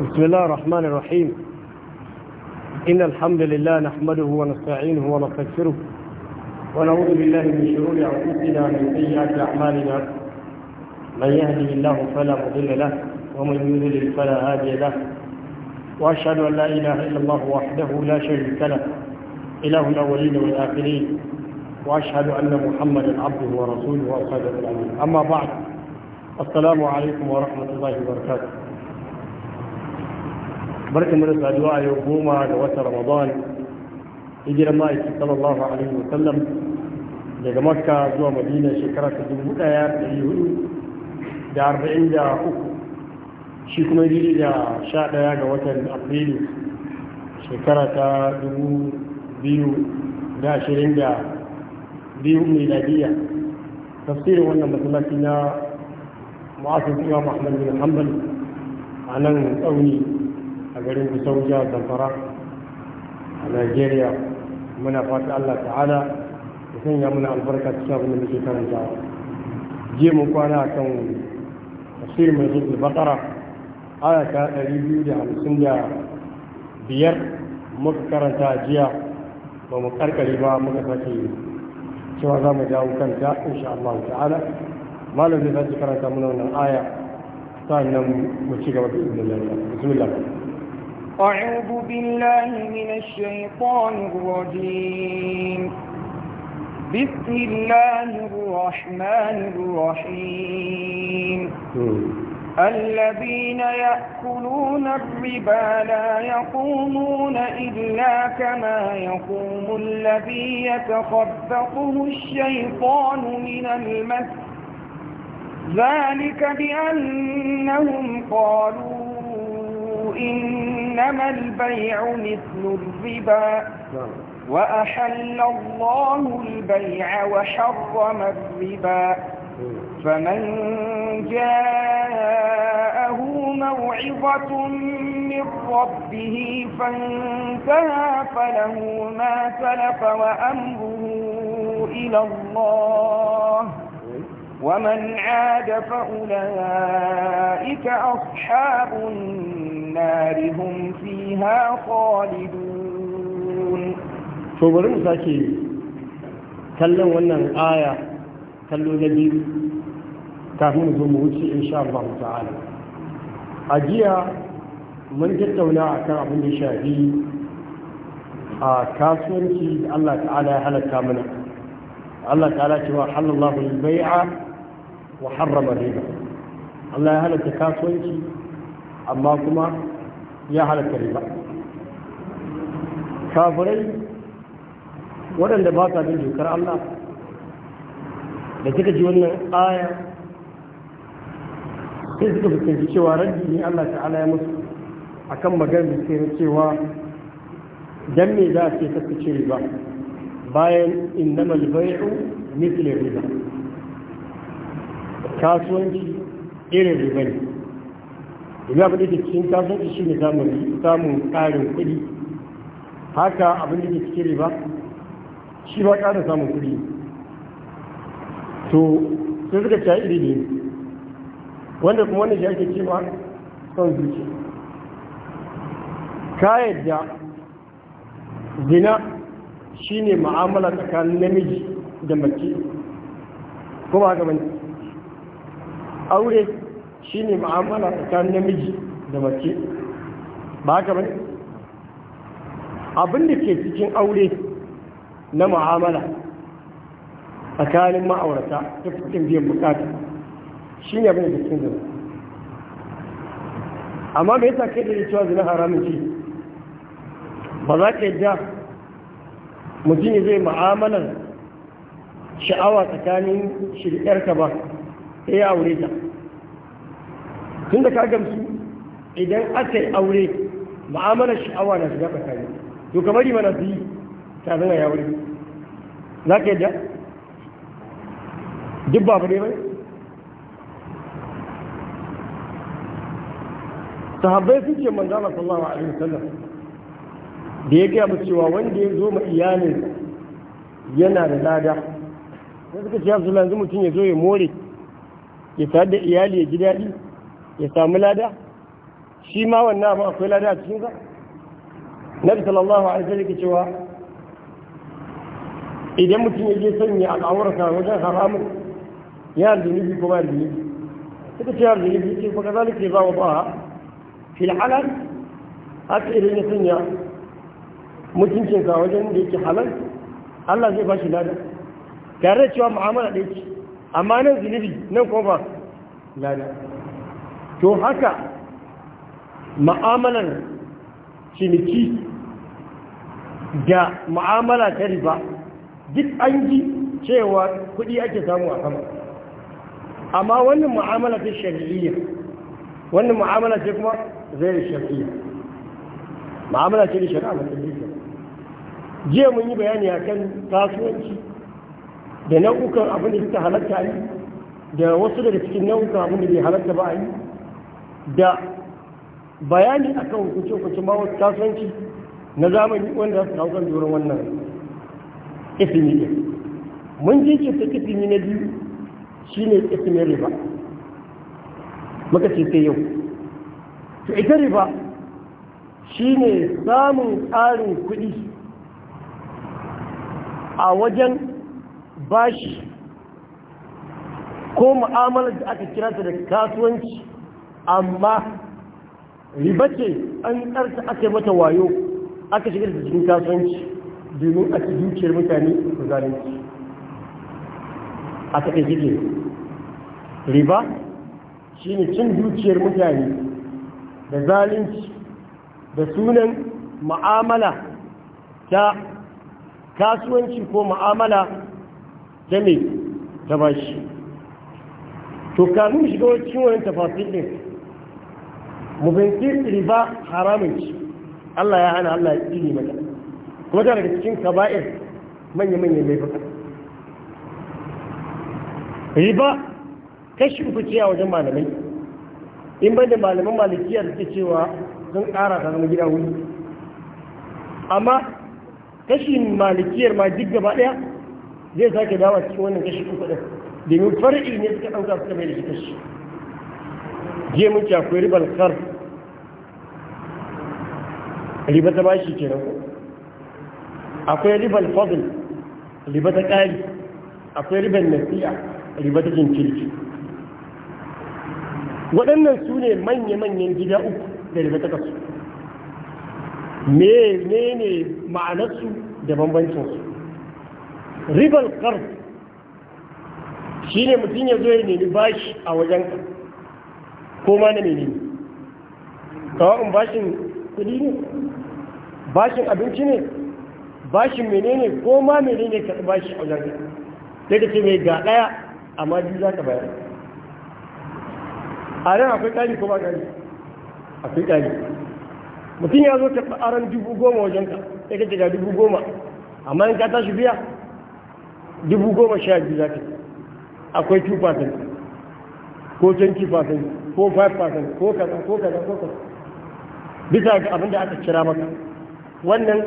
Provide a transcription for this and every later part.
بسم الله الرحمن الرحيم إن الحمد لله نحمده ونستعينه ونستغفره ونعوذ بالله من شرور أنفسنا ومن سيئات أعمالنا من يهده الله فلا مضل له ومن يضلل فلا هادي له وأشهد أن لا إله إلا الله وحده لا شريك له إله الأولين والآخرين وأشهد أن محمدا عبده ورسوله وأصحابه الأمين أما بعد السلام عليكم ورحمة الله وبركاته barka mu da saduwa a yau goma ga watan ramadan hijiran ma'aiki sallallahu alaihi wa sallam daga makka zuwa madina shekara ta dubu daya da hudu da arba'in da uku shi kuma yi da sha daya ga watan afrilu shekara ta dubu biyu da ashirin da biyu miladiya tafsirin wannan masallaci na ma'asin imam ahmad bin hanbal a nan tsauni garin kusan jihar zamfara a nigeria muna fata allah ta'ala da sanya muna albarka cikin abin da muke karantawa je mun kwana kan tafsir mai zuwa bakara aya ta ɗari biyu da hamsin da biyar muka karanta jiya ba mu karkare ba muka sake cewa za mu dawo kanta insha Allah ta'ala malam zai sake karanta mana wannan aya sannan mu ci gaba da ibn Allah bismillah أعوذ بالله من الشيطان الرجيم بسم الله الرحمن الرحيم الذين يأكلون الربا لا يقومون إلا كما يقوم الذي يتخبطه الشيطان من المس ذلك بأنهم قالوا إنما البيع مثل الربا نعم. وأحل الله البيع وحرم الربا فمن جاءه موعظة من ربه فانتهى فله ما سلف وأمره إلى الله ومن عاد فأولئك أصحاب النار هم فيها خالدون فبرم ساكي kallon wannan aya kallo na biyu kafin zo mu wuce insha Allah ta'ala a jiya mun tattauna akan abin da shafi a kasuwanci da Allah ta'ala ya halatta mana Allah ta'ala cewa halallahu baia wa harrama riba Allah ya halatta kasuwanci amma kuma ya halatta riba kafirai waɗanda ba sa bin dokar Allah da suka ji wannan aya sai suka fuskanci cewa raddi ne Allah ta'ala ya musu akan maganar da ke cewa dan me za a ce ta cire ba bayan innamal bai'u mithli riba kasuwanci irin riba ne riba abin da cikin kasuwanci shi ne samun ƙarin kuɗi haka abin da cikin riba shi ba ƙarin samun kuɗi to sai suka ci iri ne wanda kuma wanda shi ake cewa son zuci ka yadda zina shine ma'amala tsakanin namiji da mace kuma haka bane aure shine ma'amala tsakanin namiji da mace ba haka bane abin da ke cikin aure na ma'amala tsakanin ma'aurata ta fukin biyan bukata shi ne abin da ke cikin zama amma me yasa kai da cewa zina haramun ce ba za ka yadda mutum zai ma'amalar sha'awa tsakanin shirƙarka ba sai ya aure ta tun da ka gamsu idan aka yi aure ma'amalar sha'awa na shiga tsakani to kamar yi mana su yi tare ya aure. za ka yadda duk ba ne bai sahabbai sun ce manzo Allah sallallahu alaihi wasallam da ya gaya cewa wanda ya zo ma iyalin yana da lada sai suka ce yanzu mutum ya zo ya more ya sa da iyali ya ji daɗi ya samu lada shi ma wannan abu akwai lada a cikin sa nabi sallallahu alaihi wasallam ke cewa idan mutum ya je sanya al'aurarsa wajen haramun ya zunubi ko ba zunubi suka ce yanzu zunubi biyu kuma za ke za wa ba fil halal haka idan ya sanya mutuncinka wajen da yake halal Allah zai ba shi lada tare da cewa mu'amala ɗaya ce amma nan zunubi nan kuma lada to haka ma'amalar ciniki da ma'amala ta riba duk an ji cewa kuɗi ake samu a sama amma wannan ma'amala ta shari'iyya wannan ma'amala ce kuma zai da shari'iyya ma'amala ce da shari'a mai jiya mun yi bayani kan kasuwanci da nau'ukan abin da suka halatta yi da wasu daga cikin nau'ukan abin da bai halatta ba yi da bayani akan hukunce-hukunce ma wasu kasuwanci na zamani wanda za su hau kan doron wannan ismi ne mun ji ta ismi na biyu shi ne ismi riba Maka ce sai yau to ita riba shi ne samun ƙarin kuɗi a wajen bashi ko mu'amalar da aka kira ta da kasuwanci amma riba ce an karta aka yi mata wayo aka shiga da cikin kasuwanci domin a ci dukiyar mutane da zalunci a take jike riba shi ne cin dukiyar mutane da zalunci da sunan ma'amala ta kasuwanci ko ma'amala ta ta ba shi to kafin shiga cikin wani tafasir ɗin mu fahimci riba haramun shi, Allah ya hana Allah ya tsini mata kuma ta daga cikin kaba'ir manya-manyan laifuka riba kashi uku ce a wajen malamai in ban da malaman malikiya da ke cewa sun ƙara ta zama gida wuri amma kashi malikiyar ma duk gaba ɗaya zai sake dawa cikin wannan kashi uku din domin far'i ne suka ɗauka suka mai da shi kashi je mun akwai ribar kar riba ta bashi nan akwai ribar fadl riba ta ƙari akwai ribar nasiya riba ta jinkirki waɗannan su ne manya-manyan gida uku da riba ta kasu me ne ma'anarsu da bambancinsu ribar ƙarf shi ne mutum ya zo ya nemi bashi a wajenka ko ma na nemi kawai bashin kudi ne bashin abinci ne bashin menene ko ma menene ka bashi a wajenka sai ka ce mai ga ɗaya amma biyu za ka bayar a nan akwai ƙari ko ba ƙari akwai ƙari mutum ya zo ta aron dubu goma wajenka sai ka ce ga dubu goma amma in ka tashi biya dubu goma sha biyu za ta akwai 2% ko 20% ko 5% ko kaza ko kaza ko kaza bisa ga abin da aka kira maka wannan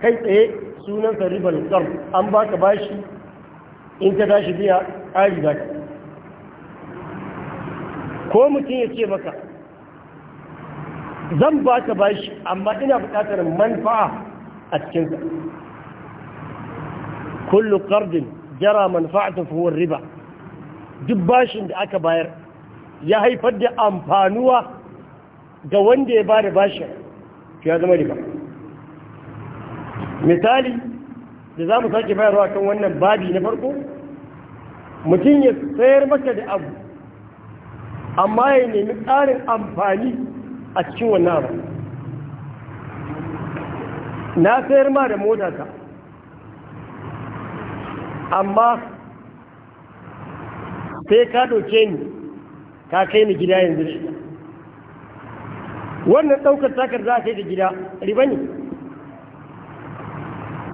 kai tsaye sunan sa ribar kar an baka bashi in ka tashi biya ƙari za ka ko mutum ya ce maka zan baka bashi amma ina buƙatar manfa'a a cikinsa kullu qardin jara manfa'atu fa riba duk bashin da aka bayar ya haifar da amfanuwa ga wanda ya bada bashin ya zama riba misali da za mu sake bayarwa kan wannan babi na farko mutum ya sayar maka da abu amma ya nemi tsarin amfani a cikin wannan abu na sayar ma da motata amma sai ka doke ni ka kai ni gida yanzu da wannan ɗaukar takar za a kai da gida riba ne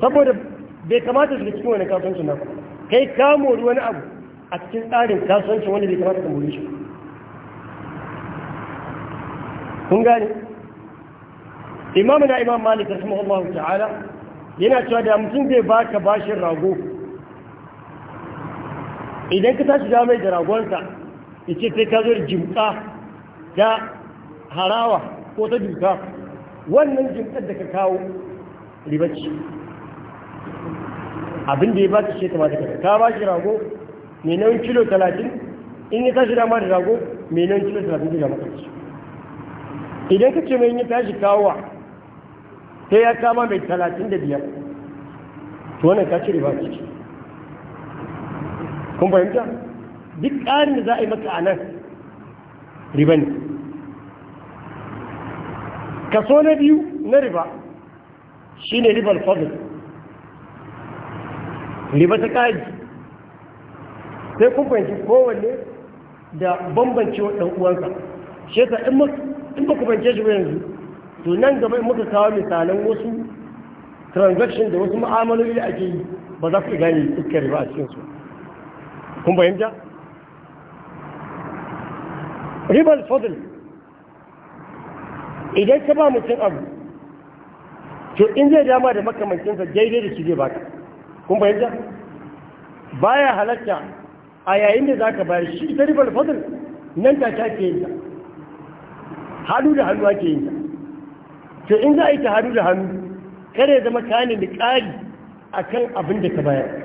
saboda bai kamata da cikin wani kasuwanci na kai ka wani abu a cikin tsarin kasuwancin wani bai kamata ka shi kun gani imamu na imam malik rahimahullahu ta'ala yana cewa da mutum zai baka bashin rago idan ka tashi da mai garagonsa ragonsa ya ce sai ka zo da da harawa ko ta duka wannan jimkar da ka kawo ribaci abin da ya ba ta ce ta mata ka ba shi rago mai nauyin kilo 30 in ya tashi da da rago mai nauyin kilo talatin zai gama idan ka ce mai yi tashi kawowa sai ya kama mai talatin da biyar to wannan ka ci riba ce kun fahimta duk ƙarin da za a yi maka a nan riba ne kaso na biyu na riba shi ne ribar fadl riba ta ƙari sai kun fahimci kowanne da bambance wa ɗan'uwansa shi yasa in ba ku fahimce shi ba yanzu to nan gaba in muka kawo misalan wasu transaction da wasu ma'amaloli da ake yi ba za ku gane iskar riba a cikinsu kun fahimta ribar fadl idan ka ba mutum abu to in zai dama da makamancinsa daidai da shi zai baka kun fahimta baya halatta a yayin da za ka bayar shi ita ribar fadl nan ta ke yin ta hannu da hannu ake yin ta to in za a yi ta hannu da hannu kada ya zama kayan da kari a kan abin da ka bayar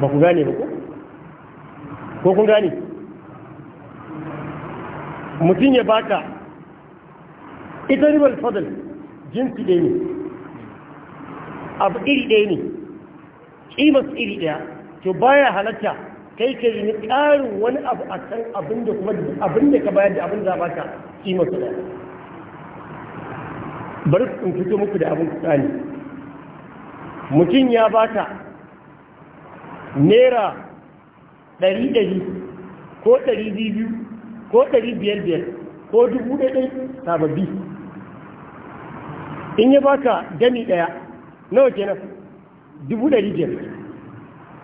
ba ku gane ba ko ko kun gane mutum ya baka ita ribar fadal jinsi ɗaya ne abu iri ɗaya ne ƙimas iri ɗaya to baya halatta kai ka yi ƙarin wani abu a kan abin da kuma abin da ka bayar da abin da baka ƙimas ɗaya bari in fito muku da abin kuɗa ne mutum ya baka naira ɗari ɗari ko ɗari biyu ko ɗari biyar biyar ko dubu ɗaya sababbi in ya baka gani ɗaya nawa kenan dubu ɗari biyar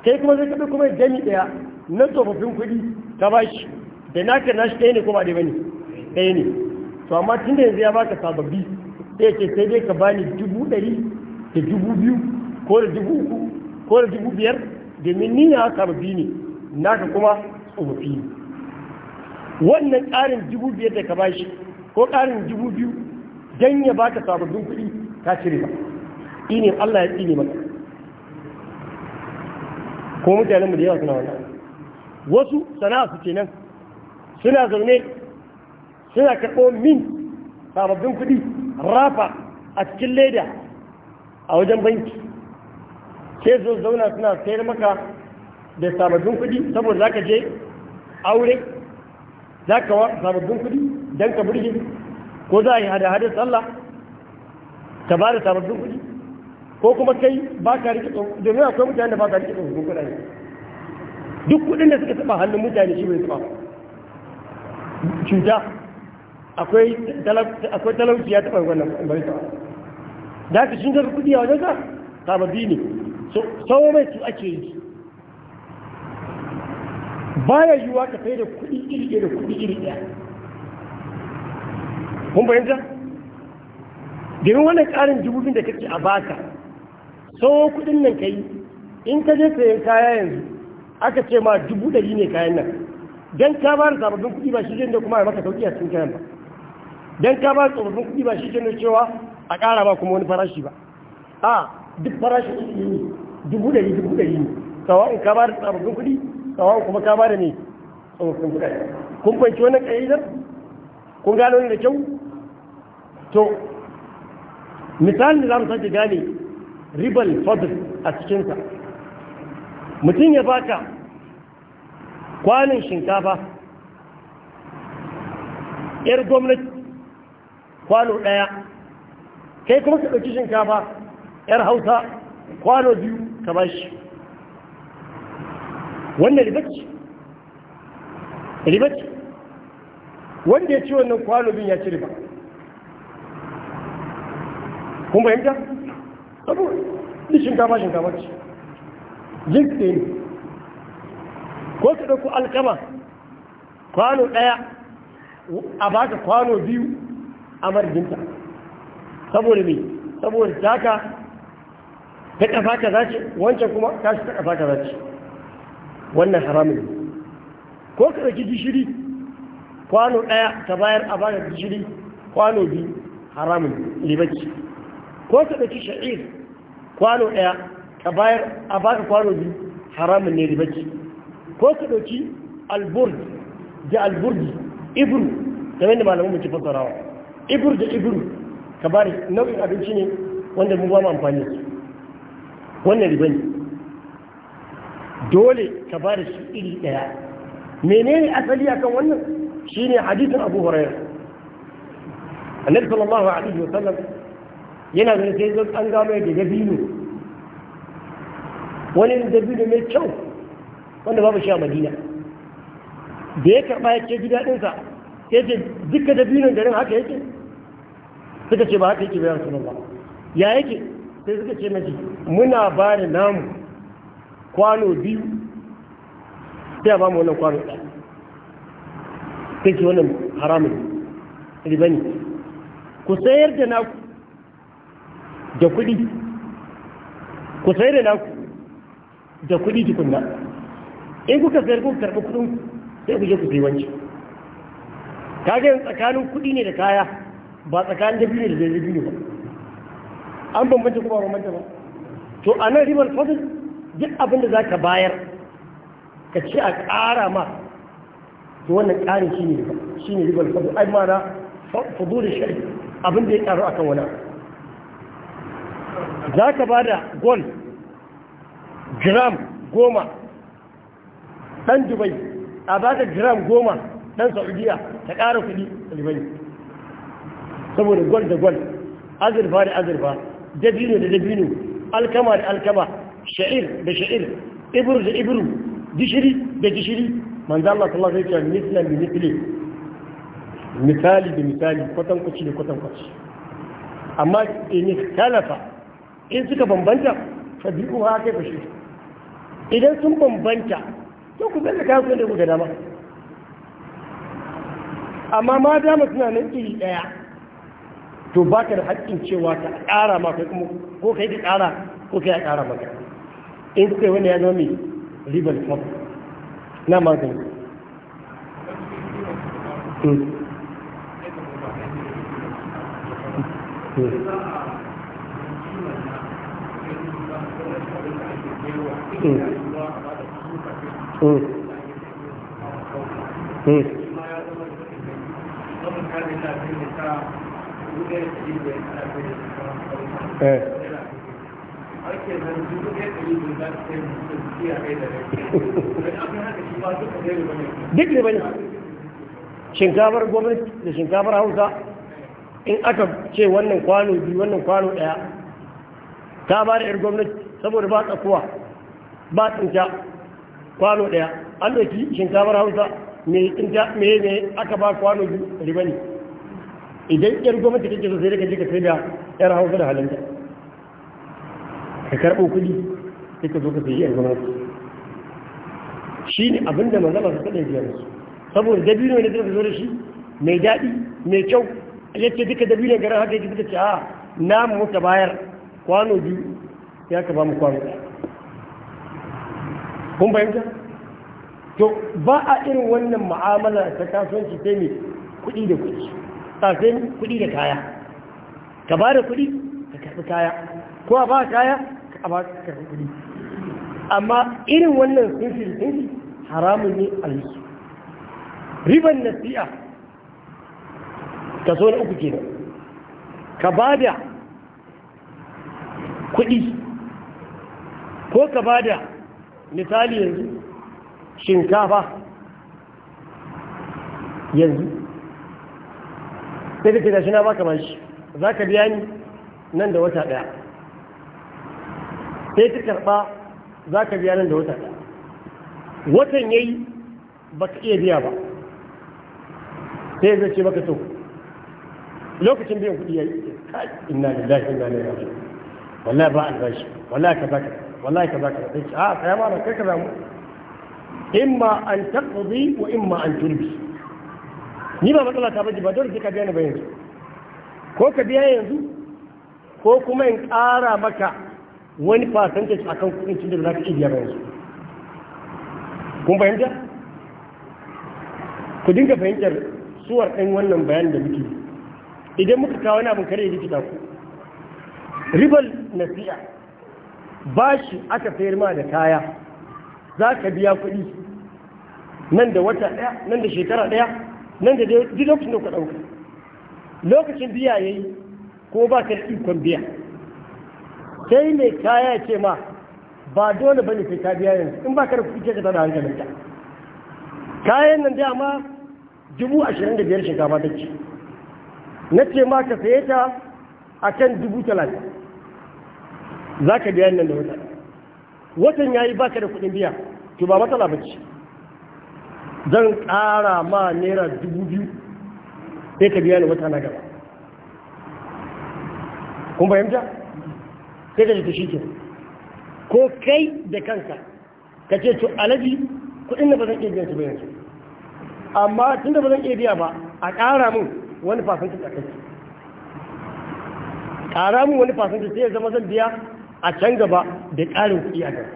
kai kuma zai kaɗa kuma dami ɗaya na tsofaffin kuɗi ta bashi da naka nashi ɗaya ne kuma da bane ɗaya ne to amma tun da yanzu ya baka sababbi ɗaya ce sai dai ka bani dubu ɗari da dubu biyu ko da dubu uku ko da dubu biyar domin ni na karbi ne naka kuma tsofi ne wannan ƙarin dubu biyar da ka bashi ko ƙarin dubu biyu don ya baka sababbin kuɗi ka cire ba ne Allah ya tsine maka ko mutanen mu da yawa suna wannan wasu sana'a su kenan suna zaune suna karɓo min sababbin kuɗi rafa a cikin leda a wajen banki sai zo zauna suna sayar maka da sababbin kuɗi saboda za ka je aure za ka wa sababbin kuɗi don ka burge ko za a yi hada-hadar sallah ka ba da sababbin kuɗi ko kuma kai ba ka riƙe tsohon domin akwai mutane da ba ka rike tsohon kuɗaɗe duk kuɗin da suka taɓa hannun mutane shi bai taɓa cuta akwai talauci ya taɓa wannan bai taɓa da ka shi kuɗi a wajen ka sababbi ne su ake yi baya yiwuwa ka sai da kuɗi iri ɗaya da kuɗi iri ɗaya kun fahimta domin wannan ƙarin dububin da kake a baka tsawo kuɗin nan ka yi in ka je sayan kaya yanzu aka ce ma dubu ɗari ne kayan nan don ka ba da sababbin kuɗi ba shi da kuma a maka sauƙi a cikin kayan ba don ka ba da sababbin kuɗi ba shi da cewa a ƙara ba kuma wani farashi ba a duk farashin ilimi dubu ɗari dubu ɗari ne sawa'un ka ba da sababbin kuɗi sawa'un kuma ka ba da ne tsofaffin kuɗaɗe kun fahimci wannan ƙa'idar kun gano ni da kyau to misalin da za mu sake gane ribal fadl a cikinsa mutum ya baka kwanin shinkafa yar gwamnati kwano ɗaya kai kuma ka ɗauki shinkafa yar hausa kwano biyu ka ba shi wannan ribaci ribaci wanda ya ci wannan kwano biyu ya ci riba kun fahimta? abu ni shinkafa shinkafa ce jink ɗaya ne ko su ɗauku alkama kwano ɗaya a baka kwano biyu a marginta saboda mai saboda taka ta kafa ka za ce wancan kuma ta shi ta kafa ka za ce wannan haramun ko ka ɗauki gishiri kwano ɗaya ta bayar a baka gishiri kwano biyu haramun libaci ko ka ɗauki sha'ir kwano ɗaya ka bayar a baka kwano biyu haramun ne libaci ko ka ɗauki alburd da alburdi ibru da wanda malamin mutu fassarawa ibru da ibru ka bari nau'in abinci ne wanda mu ba mu amfani da wannan riba ne dole ka ba da shi iri ɗaya menene asali akan wannan Shi shine hadisin abu hurairah annabi sallallahu alaihi wasallam yana da sai zan an gano da dabino wani dabino mai kyau wanda babu shi a madina da ya karɓa ya ce gida ɗinsa ya ce duka dabinon garin haka yake suka ce ba haka yake bayan sunan ba ya yake sai suka ce mashi muna ba da namu kwano biyu sai ya ba mu wannan kwano ɗaya sai ce wannan haramun riba ne ku sayar da naku da kuɗi ku sayar da naku da kuɗi tukunna in kuka sayar kuka karɓi kuɗin sai ku je ku sayi wancan kaga tsakanin kuɗi ne da kaya ba tsakanin dabi ne da zai ne ba an bambanta kuma bambanta ba to a nan ribar fadil duk abin da za ka bayar ka ce a ƙara ma to wannan ƙarin shi ne shi ne ribar fadil ai ma na fadulun shari abin da ya ƙaru a kan wani za ka ba da gol gram goma ɗan dubai a ba ka gram goma ɗan saudiya ta ƙara kuɗi dubai. saboda gol da gol azurfa da azurfa dabino da dabino alkama da alkama sha'ir da sha'ir ibru da ibru gishiri da gishiri manzo Allah sallallahu alaihi wasallam mislan bi misli misali da misali kwatan kwaci da kwatan kwaci amma in talafa in suka bambanta fa bi'u ha kai fashi idan sun bambanta to ku zalla kasu da ku ga dama amma ma dama suna nan iri daya to ka da haƙƙin cewa ka ƙara ma kai ko kai ka ƙara ko kai ya ƙara kai in kai wani ya zama mai ribar top na magani Mm. hmm, hmm. hmm. hmm. duk ne bane shinkafar gwamnati da shinkafar hausa in aka ce wannan kwano biyu wannan kwano daya ta ba da yar gwamnati saboda ba tsakuwa ba tsinta kwano daya an da shinkafar hausa mai tsinta mai ne aka ba kwano biyu ribani ne idan yar gwamnati kake so sai da kaje ka sai da yar hausa da halanta ka karɓo kudi sai ka zo ka sayi yar gwamnati shi ne abin da manzama su kaɗa biyar su saboda dabino ne da zo da shi mai daɗi mai kyau ce duka dabino garin haka yake suka ce a ah, na muka bayar kwano biyu ya ka ba mu kwano kun fahimta to ba a irin wannan mu'amala ta kasuwanci sai mai kuɗi da kuɗi kafin kuɗi da kaya ka ba da kuɗi ka tafi kaya ko a ba kaya ka ba ka karɓi kuɗi amma irin wannan sunfil fi haramun ne a yi riban nasi'a kaso na uku kenan ka ba da kuɗi ko ka ba da misali yanzu shinkafa yanzu sai ka ce gashi na baka bashi za ka biya ni nan da wata ɗaya sai ta karɓa za ka biya nan da wata ɗaya watan ya yi ba ka iya biya ba sai zai ce maka to lokacin biyan kuɗi ya yi kai ina da lafi ina da lafi wallahi ba a albashi wallahi ka zaka wallahi ka zaka sai ce a ah, kaya ma na kai ka zamu imma an taqdi wa imma an turbi ni ba matsala ta baji ba dole sai ka biya ni ba yanzu ko ka biya yanzu ko kuma in ƙara maka wani a kan kuɗin cin da za ka iya biya ba yanzu kun fahimta ku dinga fahimtar suwar ɗin wannan bayanin da muke idan muka kawo wani abin kare ya rikita ku ribal nasi'a bashi aka sayar ma da kaya za ka biya kuɗi nan da wata ɗaya nan da shekara ɗaya nan da duk lokacin da ku ɗauka lokacin biya ya yi ko ba ka da ikon biya sai mai kaya ya ce ma ba dole ba ne sai ka biya yanzu in ba ka da kuɗi ka da hankalin ta kayan nan da ma dubu ashirin da biyar shinkafa ta ce na ce ma ka saye ta a kan dubu talatin za ka biya nan da wata watan ya yi ba ka da kuɗin biya to ba matsala ba ce zan ƙara ma naira dubu biyu sai ka biya ni wata na gaba kun fahimta sai ka ta shi ke ko kai da kanka ka ce to alabi kuɗin da ba zan iya biyan su ba yanzu amma tun da ba zan iya biya ba a ƙara mun wani fasantin a kai ƙara mun wani fasantin sai ya zama zan biya a can gaba da ƙarin kuɗi a gaba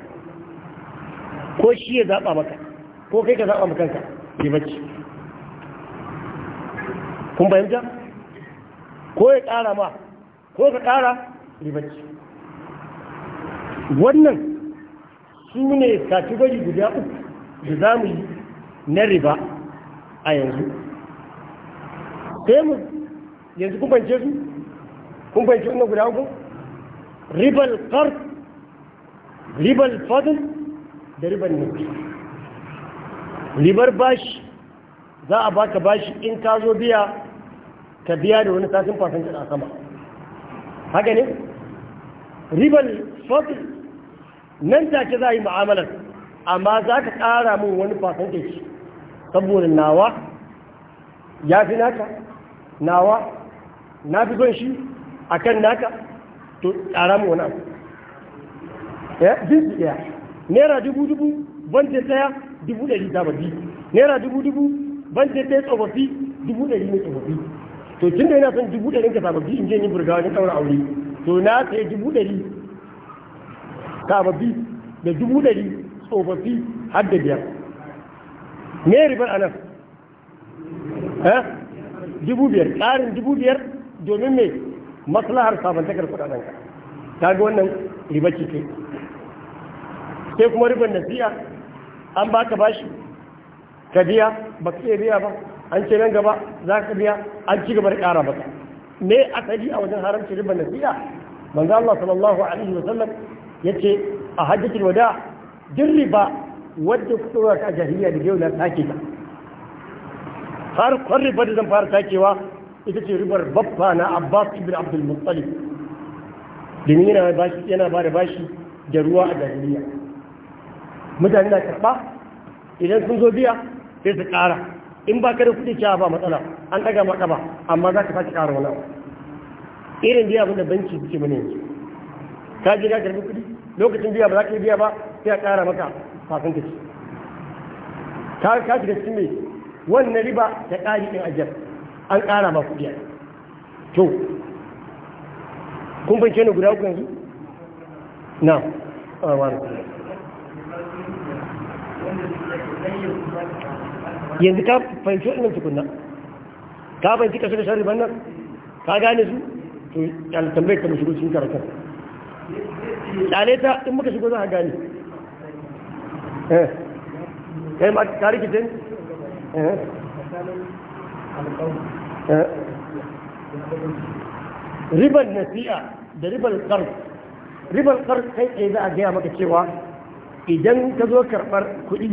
ko shi ya zaɓa maka ko kai ka zaɓa makanka ke bacci kun fahimta ko ya ƙara ma ko ka ƙara ke bacci wannan su ne kategori guda uku da za mu yi na riba a yanzu sai mu yanzu kumfance su kumfance wannan guda uku ribal kar ribal fadl da ribal nufi ribar bashi za a baka bashi in ka zo biya ka biya da wani sasin fasanci a sama haka ne ribar fasin nan take za a yi ma'amalar amma za ka ƙara min wani fasanci saboda nawa ya fi naka nawa na fi son shi a kan naka to ƙara min wani abu ya ɗaya naira dubu dubu ban ta tsaya dubu ɗari sababbi naira dubu dubu ban je ta tsofaffi dubu ɗari ne tsofaffi to tun da yana son dubu ɗarin ka sababbi in je ni burgawa ni ɗaura aure to na sayi dubu ɗari sababbi da dubu ɗari tsofaffi har da biyar me ribar a nan eh? dubu biyar ƙarin dubu biyar domin me maslahar sabantakar kuɗaɗen ka ta ga wannan riba ce sai kuma ribar nasiya an baka bashi ka biya ba ka biya ba an ce nan gaba za ka biya an ci gaba da ƙara maka me asali a wajen haramci riba na biya manzo Allah sallallahu alaihi wa sallam yace a hajjatul wada duk riba wadda ku ka jahiliya da yau na take ta har kwan riba da zan fara takewa ita ce ribar babba na Abbas ibn Abdul Muttalib domin yana ba da bashi da ruwa a jahiliya mutane na karɓa idan sun zo biya sai su ƙara in ba ka da kuɗi cewa ba matsala an ɗaga maka ba amma za ka sake ƙara wani irin biya abin da banki suke mana yanzu ka je ka karɓi kuɗi lokacin biya ba za ka yi biya ba sai a ƙara maka kafin ka ci ka ka shiga cikin mai wannan riba ta ƙari ɗin ajiyar an ƙara ma kuɗi to kun fahimce ni guda uku yanzu na a wani yanzu ka fahimci wannan tukunna ka fahimci kashe da shari'a nan ka gane su to yalitambai ka mu shigo cikin karatun ta in muka shigo za a gane eh eh ma ka rikitin eh. eh ribar nasi'a da ribar kar ribar kar kai tsaye za a gaya maka cewa idan ka zo karɓar kuɗi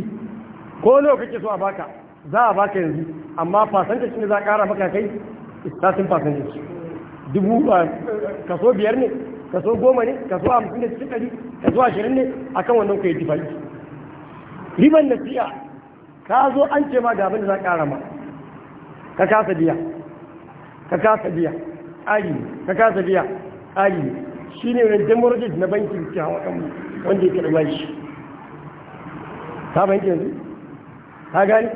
ko nawa kake so a baka za a baka yanzu amma fasanta shi ne za a ƙara maka kai istatin fasanta shi dubu kaso biyar ne kaso goma ne kaso hamsin da cikin ɗari kaso ashirin ne a kan wannan ku yi difai riban siya. ka zo an ce ma ga abin da za a ƙara ma ka kasa biya ka kasa biya ƙari ka kasa biya ƙari shi ne wani demorajis na bankin kan wanda ya karɓa shi ka fahimci yanzu gani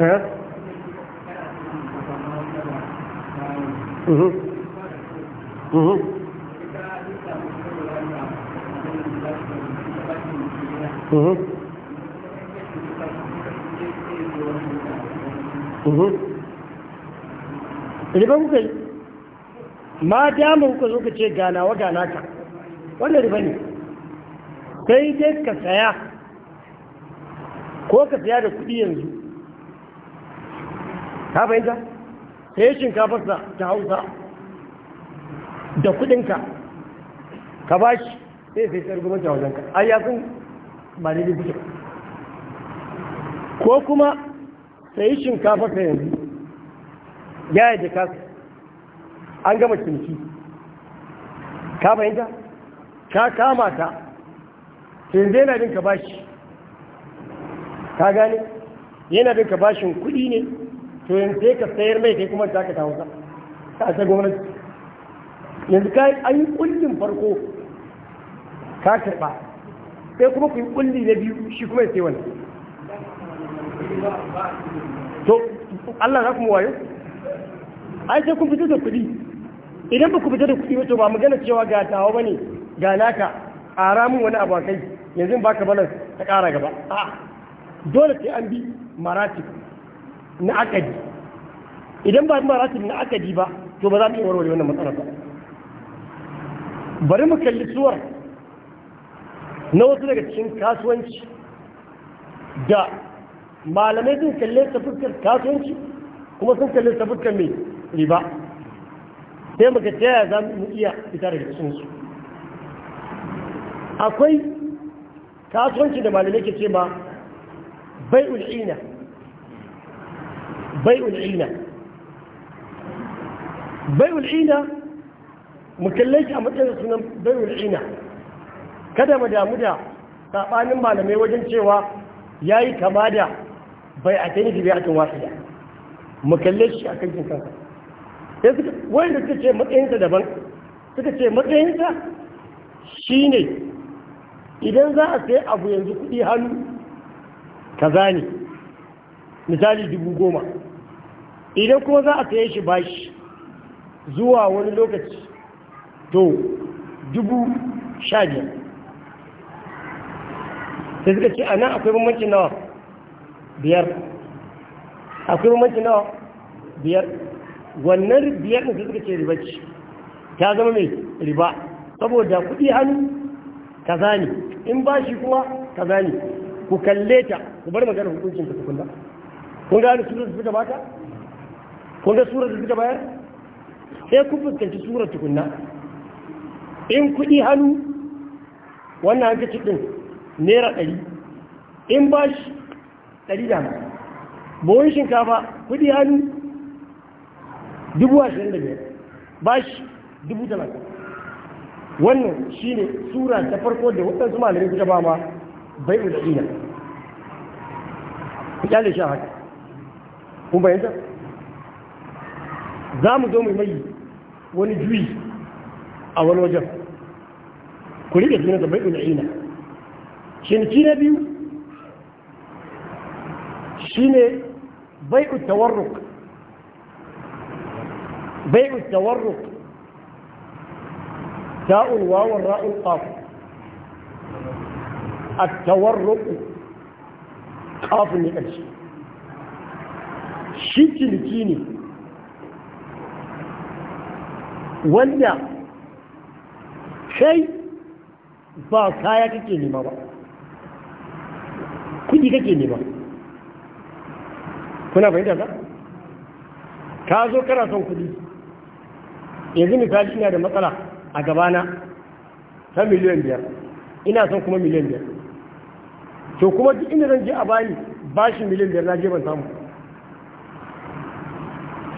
riba eh? mhm. mhm. mhm. kuka yi ma damar kuka zo ka ce gana ganaka wannan riba ne sai dai ka saya ko ka saya da kuɗi yanzu ka fahimta sai shinkafarsa ta hausa da kuɗinka ka ba shi sai sai sai rubuta wajenka ai ya kun ba ne da kuke ko kuma sai shinkafarsa yanzu ya yi jika an gama ciniki ka fahimta ka kama ta to yanzu yana bin ka bashi ka gane yana bin ka bashin kuɗi ne to yanzu sai ka sayar mai kai kuma zaka ta hausa ka sa gwamnati yanzu ka yi an kullin farko ka karɓa sai kuma ku yi kulli na biyu shi kuma ya sai wani to Allah za ku wayo ai sai kun fito da kuɗi idan ba ku fito da kuɗi wato ba magana cewa ga tawa ba ne ga naka ƙara ramin wani abu a kai. yanzu ba ka balas ta ƙara gaba a dole sai an bi maratif na akadi idan ba maratif na akadi ba to ba za mu iya warware wannan matsalar ba bari mu kalli suwar na wasu daga cikin kasuwanci da malamai sun kalli ta fuskar kasuwanci kuma sun kalli ta fuskar mai riba sai muka ta yaya za mu iya fita daga cikinsu akwai kasuwanci da malamai ke ce ma bai ul'ina bai ul'ina bai ul'ina mu kalle a matsayin sunan bai ul'ina kada mu damu da saɓanin malamai wajen cewa ya yi kama da bai a kai nufi a kan wasiya mu kalle shi a kan kansa wanda suka ce matsayinsa daban suka ce matsayinsa shi ne idan za a sai abu yanzu kuɗi hannu kaza ne misali dubu goma idan kuma za a sai shi bashi zuwa wani lokaci to dubu sha biyar sai suka ce a nan akwai bambanci nawa biyar akwai bambanci nawa biyar wannan biyar da suka ce riba ta zama mai riba saboda kuɗi hannu kaza ne in ba shi kuma kaza ne ku kalle ta ku bar magana hukuncin ka tukunna kun ga ni surar da suka kun ga sura da bayar sai ku fuskanci surar tukunna in kudi hannu wannan haka cikin naira ɗari in ba shi ɗari da hamsin buhun shinkafa kudi hannu dubu ashirin da biyar ba shi dubu talatin wannan shine sura ta farko da waɗansu malamai suka ba ma bai ulkina ku kyale shi a haka kun bayyanta za mu zo mu mai wani juyi a wani wajen ku rike sunan da bai ulkina shinki na biyu Shi shine bai utawarruk bai utawarruk تاء واو الراء القاف التورق قاف نكرش shi ciniki ne wanda kai ba kaya kake nema ba kudi kake nema kuna fahimta ka? ka zo kana son kudi yanzu misali ina da matsala a gabana ta miliyan biyar ina son kuma miliyan biyar to kuma duk inda zan je a bani bashi miliyan biyar na je ban samu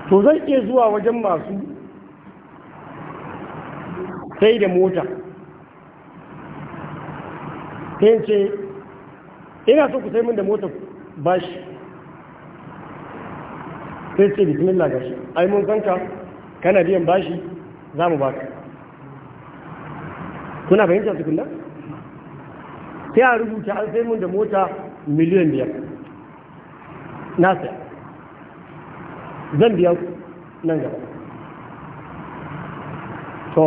to zan iya zuwa wajen masu sai da mota sai ce ina son ku sai min da mota bashi sai ce bismillah gashi ai mun kanka kana biyan bashi za mu baka kuna fahimta tukunna sai a rubuta an sai mun da mota miliyan biyar na saya zan biya nan gaba to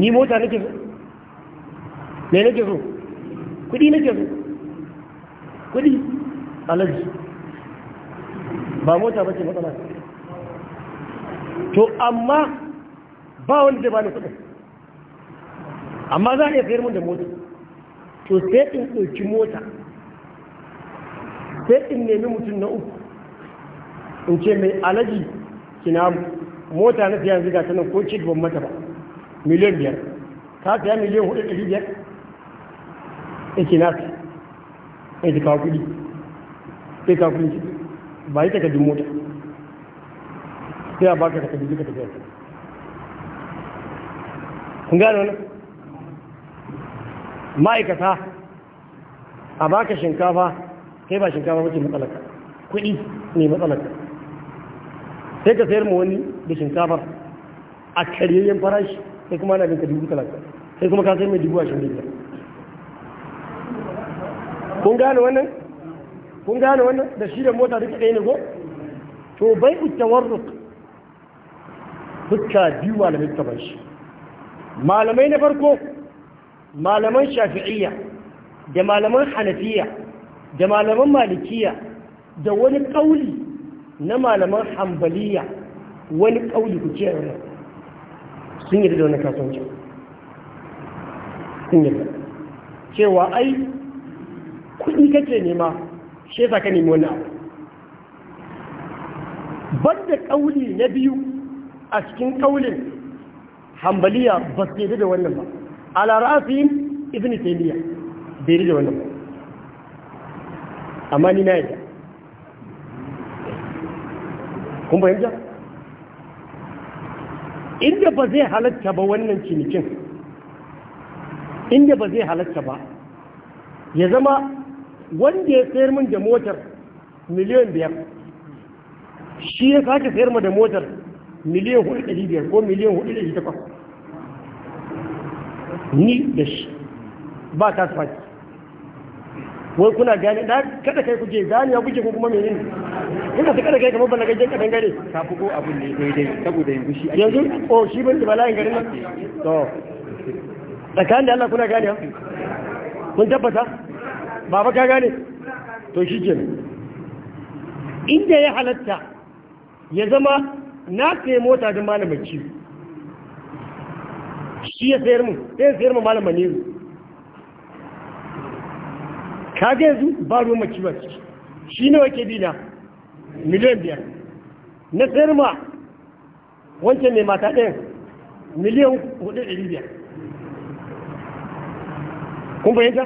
ni mota nake so me nake so kudi nake so kudi alaji ba mota ba ce matsala to amma ba wanda zai bani kudin amma za a iya sayar da mota to sai in ɗauki mota sai in nemi mutum na uku in ce mai alaji kina mota na siya ziga ta nan ko ce ban mata ba miliyan biyar ka siya miliyan hudu ɗari biyar in ce na in ji kawo kuɗi sai kawo kuɗi ba yi takardun mota sai a baka takardun duka tafiyar kun gane wannan ma'aikata a baka shinkafa kai ba shinkafa wace matsalaka kuɗi ne matsalaka sai ka sayar ma wani da shinkafar a karyayyen farashi sai kuma na binka dubu talaka sai kuma ka sayar mai dubu a shirin biyar kun gane wannan kun gane wannan da shi da mota duka ɗaya ne ko to bai warruk duka biyu malamai ta bashi shi malamai na farko malaman shafi'iyya da malaman hanafiya da malaman malikiya da wani ƙauli na malaman hambaliya wani ƙauli ku ce yana sun yi da wani kasance, sun yi cewa ai kuɗi kake nema shi yasa ka nemi wani abu banda ƙauli na biyu a cikin ƙaulin hambaliya ba su da wannan ba ala ra'asin ibn taymiya bai da wannan amma ni na yadda kun fahimta inda ba zai halatta ba wannan cinikin inda ba zai halatta ba ya zama wanda ya sayar min da motar miliyan biyar shi ya sake sayar ma da motar miliyan hudu ɗari biyar ko miliyan hudu ɗari takwas ni da shi ba ka faki wai kuna gane da kada kai kuje gani ya kuke kuma kuma menene ina ta kada kai kamar ban gajjen kadan gare ta fi ko abun ne daidai saboda yin gushi ake yanzu oh shi ban da bala'in garin nan to tsakanin da Allah kuna gane kun tabbata baba ka gane to shi ke inda ya halatta ya zama na sai mota da malamin ciwo shi ya sayar mu sai sayar mu malam ne ka ga yanzu ba ruwan maki ba ciki shi ne wake bi na miliyan biyar na sayar ma wancan mai mata ɗaya miliyan hudu ɗari biyar kun fahimta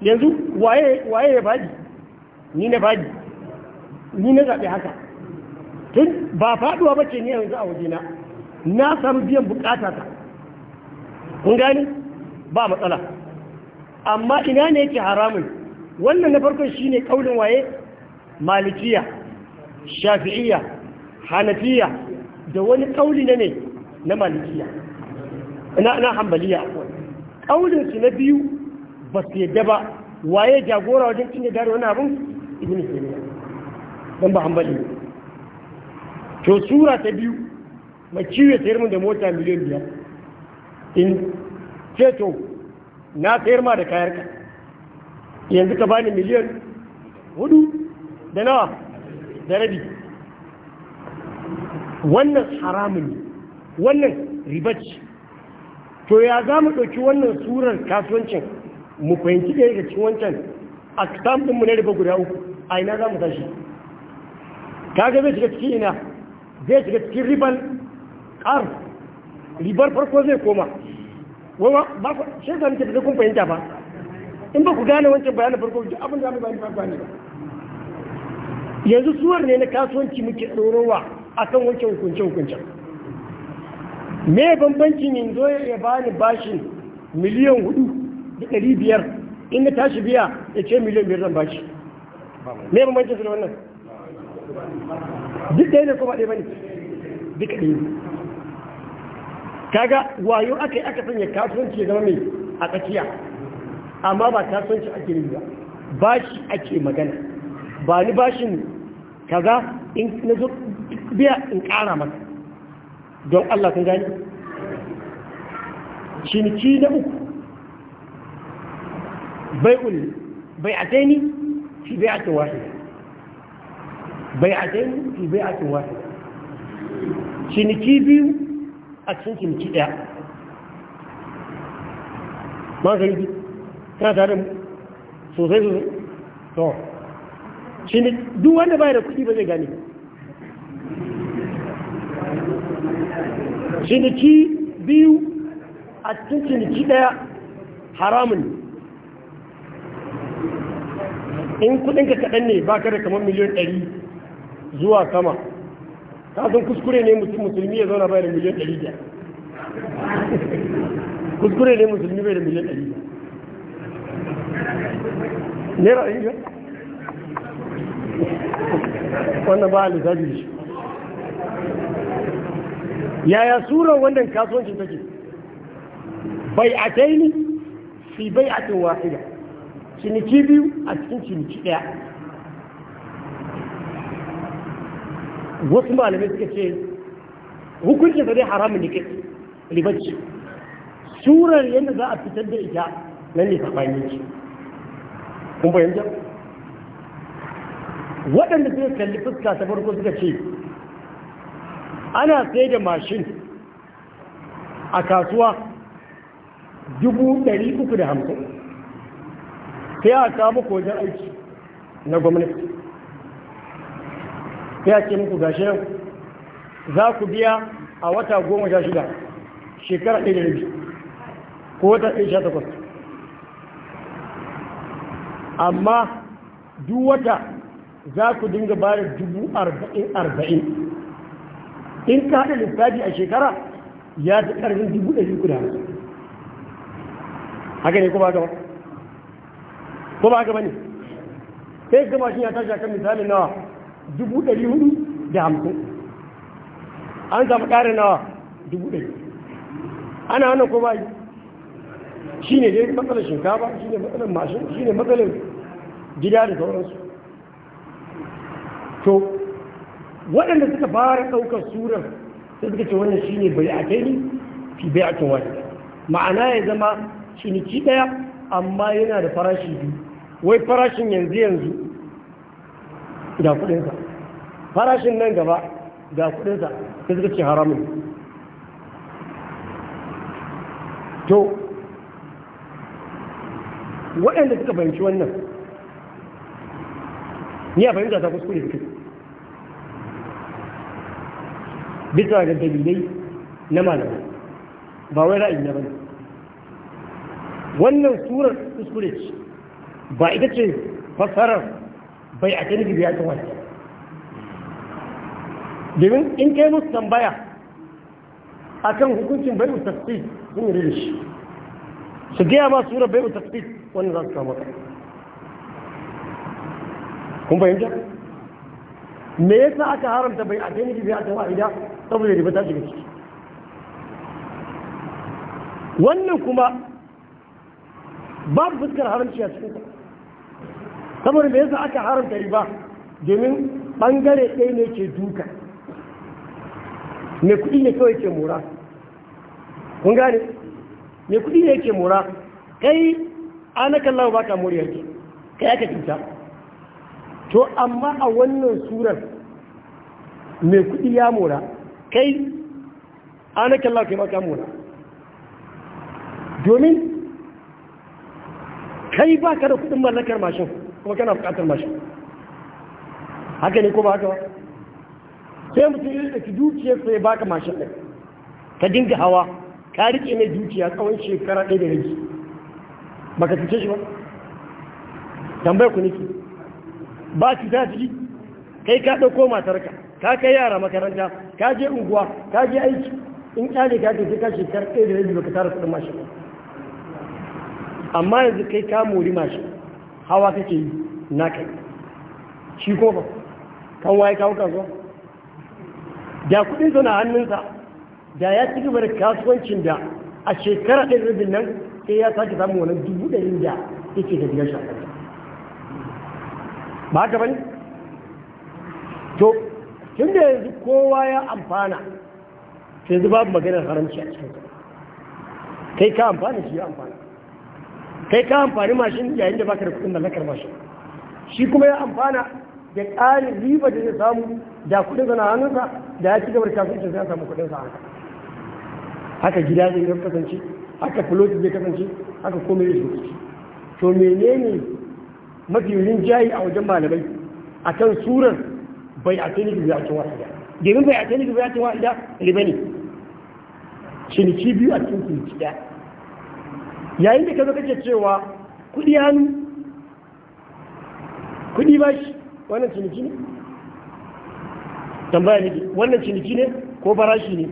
yanzu waye ya faɗi ni na faɗi ni na zaɓe haka tun ba faɗuwa ba ce ne yanzu a wajena na samu biyan bukata ta gani ba matsala amma ina ne yake haramun wannan na farkon ne kaulin waye malikiya shafi'iyya hanafiya da wani kauli na ne na malikiya ina ina hanbaliya kaulin su na biyu ba su yadda ba waye jagora wajen cinye dare wani abin ibn ne don ba hanbali to sura ta biyu mai ciwo ya sayar da mota miliyan biyar in ce to na sayar ma da ka, yanzu ka bani miliyan hudu da nawa da rabi wannan haramun wannan ribaci to ya za mu ɗauki wannan surar kasuwancin mu fahimci ɗaya daga cikin wancan a ɗinmu na riba guda uku a ina za mu tashi kaga zai shiga cikin ina zai shiga cikin ribar ƙar ribar farko zai koma wawa ba ku shi da nake da kun fahimta ba in ba ku gane wancan bayanin farko duk abin da mu bayani ba gane ba yanzu suwar ne na kasuwanci muke ɗorowa akan wancan hukuncin hukuncin. me bambancin yanzu ya bani bashin miliyan hudu da ɗari biyar in na tashi biya ya ce miliyan biyar zan bashi me bambancin su da wannan duk ɗaya ne kuma ɗaya bane duka ɗaya kaga wayo aka yi aka sanya kasuwanci ya zama mai a tsakiya amma ba kasuwanci ake yi ba shi ake magana ba ni ba shi kaza in na zo biya in kara maka don Allah kun gani ciniki na uku bai a bai'ataini fi bai'atin bai bai'ataini fi bai'atin wahida ciniki biyu a cikin kimci ɗaya magani tana tare sosai sosai to shi ne duk wanda bai da kuɗi ba zai gane ciniki biyu a cikin ciniki ɗaya haramun in kudinka kaɗan ne ba ka da kamar miliyan ɗari zuwa sama kasan kuskure ne musulmi ya zauna bai da miliyan ɗari biyar kuskure ne musulmi bai da miliyan ɗari biyar naira ɗari biyar wannan ba a lissafi shi yaya sura wannan kasuwancin take bai a ni fi bai a cin wahida ciniki biyu a cikin ciniki ɗaya wasu malamai suka ce hukuncin dai haramun da kai libacci surar yadda za a fitar da ita nan ne safani ce kun bayyanta waɗanda suka kalli fuska ta farko suka ce ana sai da mashin a kasuwa dubu ɗari da hamsin sai a samu kogin aiki na gwamnati ya ce muku gashi nan za ku biya a wata goma sha shida shekara ɗaya da rabi ko wata ɗaya sha takwas amma duk wata za ku dinga ba da dubu arba'in arba'in in ka haɗa littafi a shekara ya fi ƙarfin dubu ɗari guda haka ne kuma ba gaba ko ba gaba ne sai gaba shi ya tashi akan misalin nawa dubu ɗari hudu da hamsin an samu ƙarin nawa dubu ɗari ana hannun ko bayi shi ne dai matsalar shinkafa shi ne matsalar mashin shi ne matsalar gida da sauransu to waɗanda suka fara ɗaukar surar sai suka ce wannan shi ne bai a kai ni fi bai a kan wani ma'ana ya zama ciniki ɗaya amma yana da farashi biyu wai farashin yanzu yanzu ga kudinsa farashin nan gaba ga kudinsa sai suka ce haramun to waɗanda suka fahimci wannan ni a fahimta ta kuskure da bisa ga dalilai na malamai ba wai ra'ayi na bane wannan surar kuskure ba ita ce fassarar bai a kan gibi ya wani domin in kai musu tambaya a kan hukuncin bai utafi sun yi shi su gaya ma sura bai utafi wani za su samu ta kun fahimta me yasa aka haramta bai a kan gidi ya ta wa'ida saboda ribata shiga ciki wannan kuma babu fuskar haramci a cikin saboda me yasa aka haramta riba domin bangare ɗaya ne ke duka mai kuɗi ne kawai ke mura kun gane mai kuɗi ne ke mura kai ana kallawa ba ka muriyar ke kai aka cuta to amma a wannan surar mai kuɗi ya mura kai ana kallawa kai maka mura domin kai ba ka da kuɗin mallakar mashin kuma kana bukatar mashin haka ne ko ba haka ba sai mutum da ki dukiyar sai baka mashin ɗin ka dinga hawa ka riƙe mai dukiya tsawon shekara ɗaya da rage baka cuce shi ba tambayar ku niki ba cuta a ciki kai ka ɗauko matarka ka kai yara makaranta ka je unguwa ka je aiki in ƙyale ka ce ka shekara ɗaya da rage baka tara kuɗin mashin amma yanzu kai ka mori mashin hawa kake yi na kai shi ko ba kan waye kawo kasuwa da kudin na hannunsa da ya ci gaba da kasuwancin da a shekara ɗin rubin nan sai ya sake samun wani dubu da yin da yake da biyar shakar ba ka bani ne to tun da yanzu kowa ya amfana sai yanzu babu maganar haramci a cikin kai ka amfana shi ya amfana kai ka amfani mashin yayin da baka da kudin mallakar mashin shi kuma ya amfana da ƙarin riba da zai samu da kudin zana hannunsa da ya ci gaba da kasuwancin zai samu kudin sa haka haka gida zai yi kasance haka fuloti zai kasance haka komai zai kasance to menene mafi jayi a wajen malamai a kan surar bai a tani dubu yakin wa'ida domin bai a tani dubu yakin wa'ida riba ne ciniki biyu a cikin ciniki ɗaya yayin da ka zo kake cewa kudi hannu kudi ba shi wannan ciniki ne tambaya ne wannan ciniki ne ko farashi ne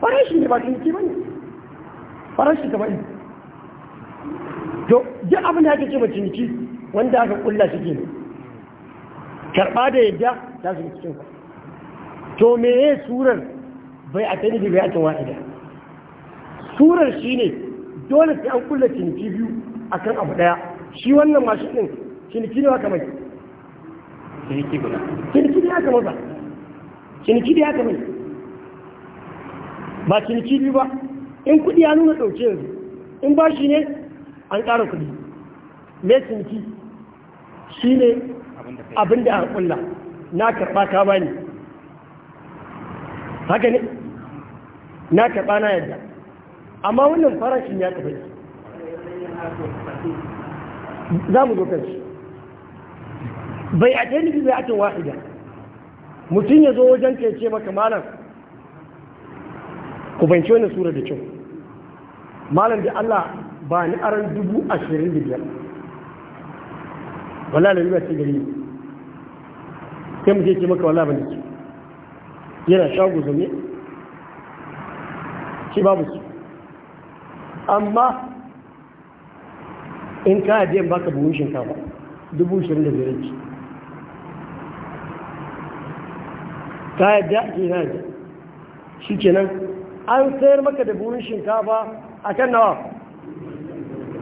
farashi ne ba ciniki ba ne farashi ta bari to duk abin da aka ce ba ciniki wanda aka kulla shi ke karɓa da yadda ta su cikin ku to me surar bai a tani da bai a tawa'ida surar shi ne dole sai an kulle ciniki biyu a kan abu daya shi wannan mashin ɗin ciniki ne haka mai ciniki ne haka maza ciniki ne haka mai ba ciniki biyu ba in kudi ya nuna ɗauke yanzu in ba shi ne an ƙara kudi mai ciniki shi ne abin da an kulla na karɓa ka bani haka ne na karɓa na yadda amma wannan farashin ya kafa za mu zo shi bai a ta nufi bai a tun wahida mutum ya zo wajen ke ce maka malam ku banci wani sura da kyau malam da Allah ba ni aran dubu ashirin da biyar wala da riba ce gari ne sai mu je ce maka wala bane ne yana shago zaune shi babu su amma in ka ba baka buhun shinkafa dubu shirin da biyar ce ka da ake na da shi kenan an sayar maka da buhun shinkafa a kan nawa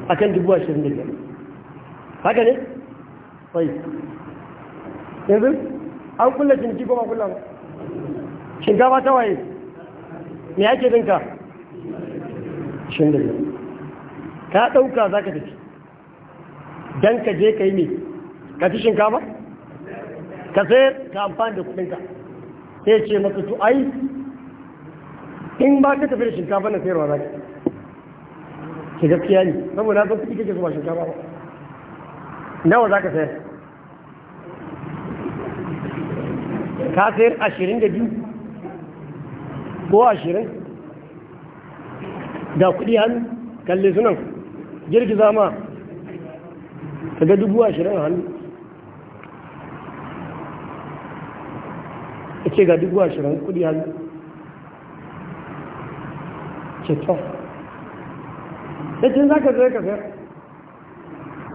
a kan dubu ashirin da biyar haka ne? sai yanzu an kula ciniki kuma kulla shinkafa ta waye me ake dinka? 25 ka ɗauka za ka tafi don ka je ka yi ne ka fi shinkafa ka sayar ka amfani da kudinka sai ce masa to ai in ba ka tafi da shinkafa na sayarwa za ka ki gaskiya ne saboda zan kuɗi kake zuwa shinkafa ba nawa za ka sayar ka sayar ashirin da biyu ko ashirin ga kuɗi hannu kalle sunan girgiza ma ta ga dubu ashirin hannu ya ce ga dubu ashirin kuɗi hannu ce to yakin za ka zai ka sayar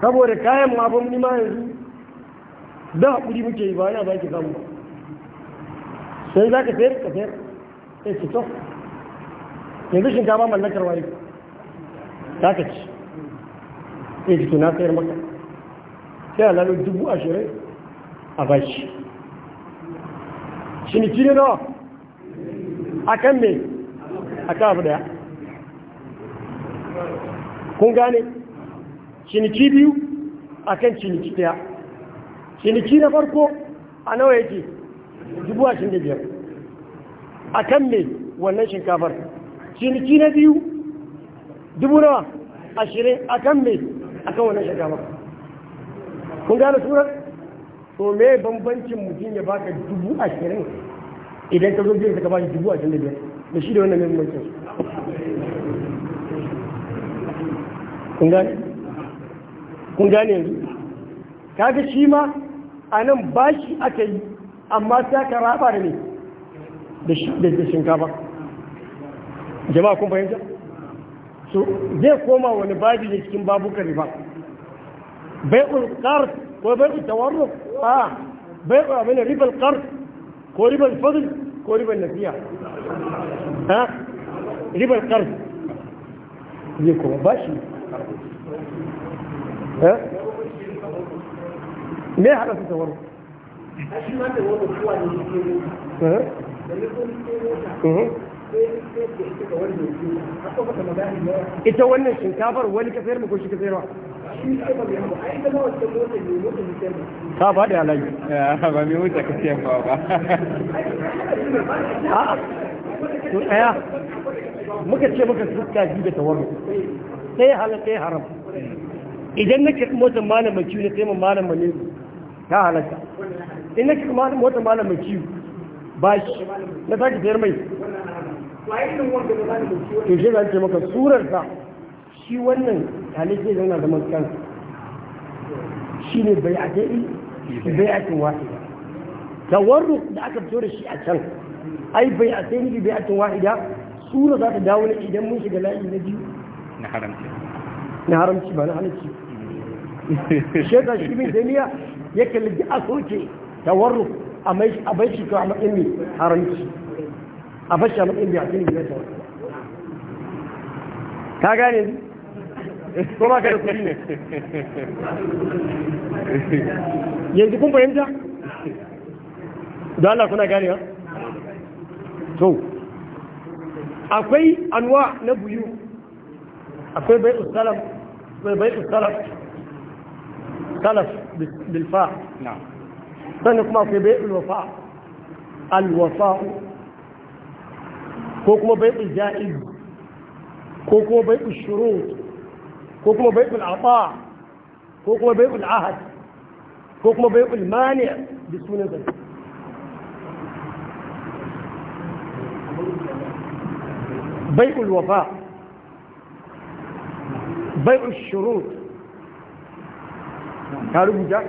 saboda kayan mafin nima yanzu da haƙuri muke yi ba yana ba ki zama sai za ka fere ka fere, sai ce to yanzu shinkafa mallakar waye ta ka ci ya jiki na sayar maka sai a lalu dubu ashirin a bashi shi ne nawa a kan me a kan abu daya kun gane ciniki biyu a kan ciniki daya ciniki na farko a nawa yake dubu ashirin da biyar a kan me wannan shinkafar ciniki na biyu dubu nawa ashirin a kan mai a kan wannan shagama kun gane surar to me bambancin mutum ya baka dubu ashirin idan ka zo biyan ka ba dubu ashirin da biyar da shi da wannan mai bambancin kun gane kun gane yanzu kaga shi ma a nan bashi aka yi amma ta ka raba da ne da shinkafa jama'a kun fahimta so zai koma wani babi ne cikin babukan riba bai'ul ƙar ko bai bai'ul tawarruf a bai'ul abin ribal qard ko ribal fadl ko ribal nasiya ha ribal qard zai koma bashi ha me hada su tawarruf a shi ma da wani kuwa ne ke mota mm-hmm. انت هو اللي كفر هو اللي كفر ما كلش كفر واحد علي ما بيموتك كيف بابا ايه ممكن شيء ممكن تسكت كاجي بتورم تي حال تي حرام اذا انك موت ما انا مجيو تي ما انا مني يا حالك انك ما موت ما انا مجيو باش ما تاك غير مي to shi zan ce maka sa shi wannan halittar yana zaman kansa shi ne bai a ta'i bai a tun wa'ida tawarruk da aka fito da shi a can ai bai a ta'i ne bai a tun wa'ida sura za ta dawo ne idan mun shiga layi na biyu na haramci na haramci ba na halicci shekar shi mai zaniya ya kalli a soke tawarruk a bai shi kawai matsayin haramci a fashe matsayin biya tuni biyar sau ka gane ko ba ka da kuɗi ne yanzu kun fahimta da Allah kuna gane to akwai anwa na buyu akwai bai usalam bai bai usalam salaf bilfa sannan kuma akwai bai ulwafa alwafa'u ko kuma bai'ul ja'iz ko kuma bai'ul shurut ko kuma bai'ul ata ko kuma bai'ul ahad ko kuma bai'ul mani da sunan zai bai'ul wafa bai'ul shurut ka rubuta